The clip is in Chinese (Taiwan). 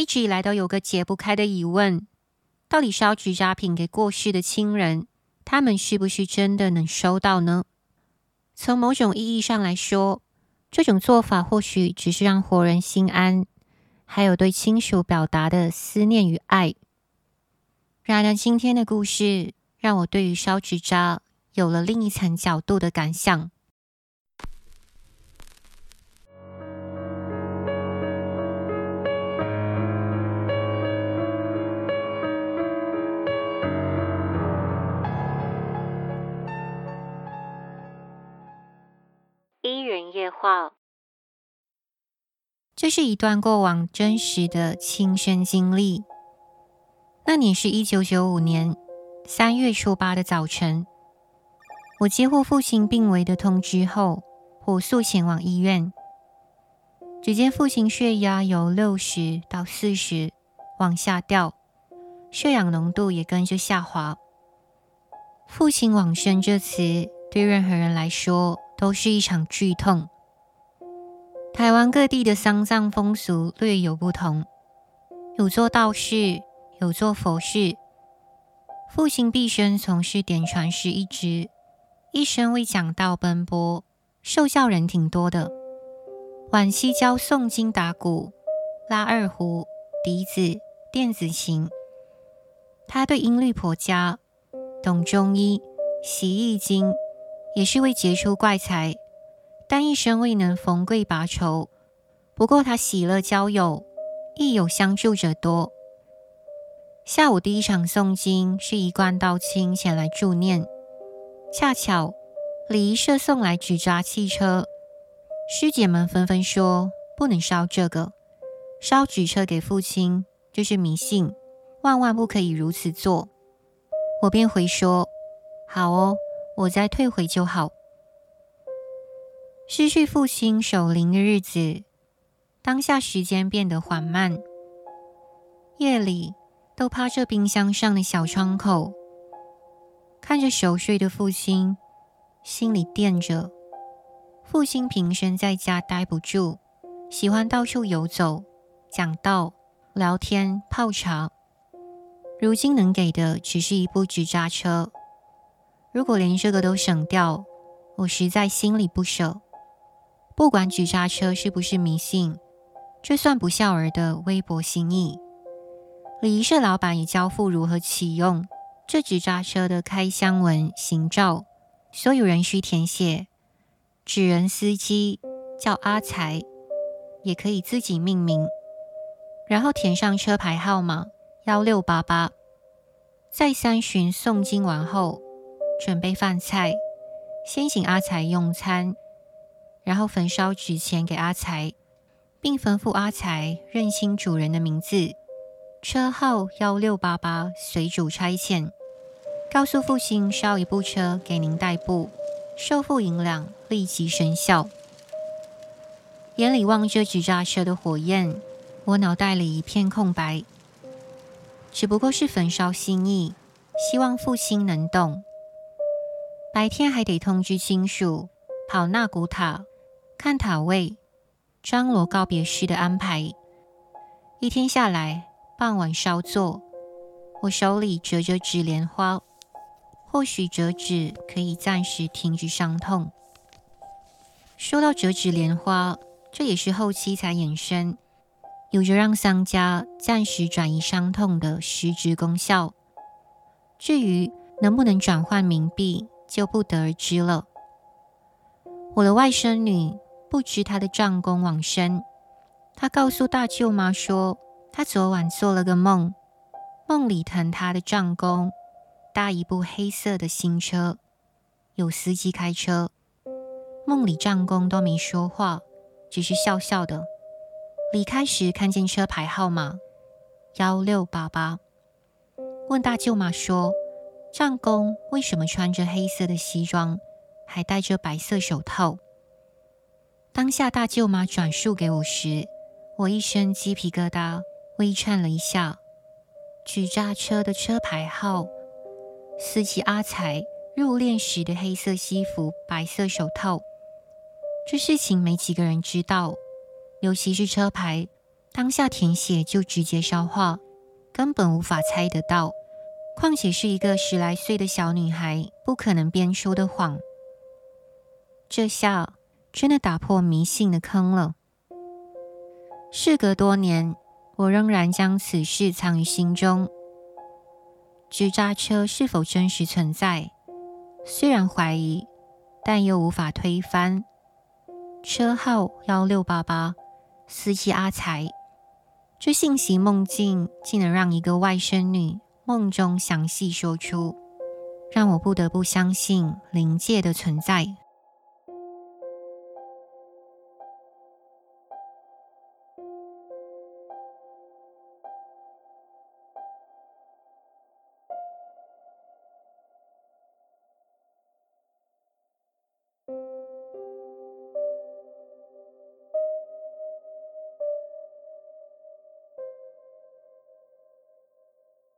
一直以來都有個解不開的疑問：到底燒紙紮品給過世的親人，他們是不是真的能收到呢？從某種意義上來說，這種做法或許只是讓活人心安，還有對親屬表達的思念與愛。然而，今天的故事讓我對於燒紙紮有了另一層角度的感想。這是一段過往真實的親身經歷。那年是一九九五年三月初八的早晨，我接獲父親病危的通知後，火速前往醫院。只見父親血壓由六十到四十往下掉，血氧濃度也跟着下滑。父親往生這詞，對任何人來說，都是一場劇痛。台灣各地的喪葬風俗略有不同，有做道士，有做佛事。父親畢生從事點傳師一職，一生為講道奔波，受教人挺多的。晚期教誦經、打鼓、拉二胡、笛子、電子琴。他對音律頗佳，懂中醫，習易經，也是位傑出怪才。但一生未能逢貴拔愁，不過他喜樂交友，亦有相助者多。下午第一場誦經，是一貫道親前來助念，恰巧禮儀社送來紙紮汽車，師姐們紛紛說不能燒這個，燒紙車給父親就是迷信，萬萬不可以如此做。我便回說：好哦，我再退回就好。失去父親守靈的日子，當下時間變得緩慢。夜裡，都趴着冰箱上的小窗口，看着熟睡的父親，心裡惦着：父親平生在家待不住，喜歡到處遊走、講道、聊天、泡茶。如今能給的，只是一部紙扎車。如果連這個都省掉，我實在心裡不舍。不管紙扎車是不是迷信，這算不孝兒的微薄心意。禮儀社老板也交付如何啟用這紙扎車的開箱文行照，所有人需填寫。紙人司機叫阿財，也可以自己命名，然後填上車牌號碼幺六八八。在三旬誦經完後，準備飯菜，先請阿財用餐。然後焚燒紙錢給阿財並吩咐阿財認清主人的名字，車號幺六八八，隨主差遣。告訴父親燒一部車給您代步，收付銀兩立即生效。眼裡望着紙扎車,車的火焰，我腦袋裡一片空白。只不過是焚燒心意，希望父親能懂。白天還得通知親屬，跑納骨塔。看塔位，張羅告別式的安排。一天下來，傍晚稍作。我手裡折折紙蓮花。或許折紙可以暫時停止傷痛。說到折紙蓮花，這也是後期才衍生，有着讓喪家暫時轉移傷痛的實質功效。至於能不能轉換冥幣，就不得而知了。我的外甥女。不知他的丈公往生，他告訴大舅媽說，他昨晚做了個夢，夢裡疼他的丈公搭一部黑色的新車，有司機開車。夢裡丈公都沒說話，只是笑笑的。離開時看見車牌號碼幺六八八，問大舅媽說，丈公為什麼穿着黑色的西裝，還戴着白色手套？當下大舅媽轉述給我時，我一身雞皮疙瘩，微顫了一下。紙扎車的車牌號，司機阿才，入殮時的黑色西服、白色手套。這事情沒幾個人知道，尤其是車牌，當下填寫就直接燒化，根本無法猜得到。況且是一個十來歲的小女孩，不可能編出的謊。這下。真的打破迷信的坑了。事隔多年，我仍然將此事藏於心中。紙扎車，車是否真實存在？雖然懷疑，但又無法推翻。車號幺六八八，司機阿才。這信息夢境竟能讓一個外甥女夢中詳細說出，讓我不得不相信靈界的存在。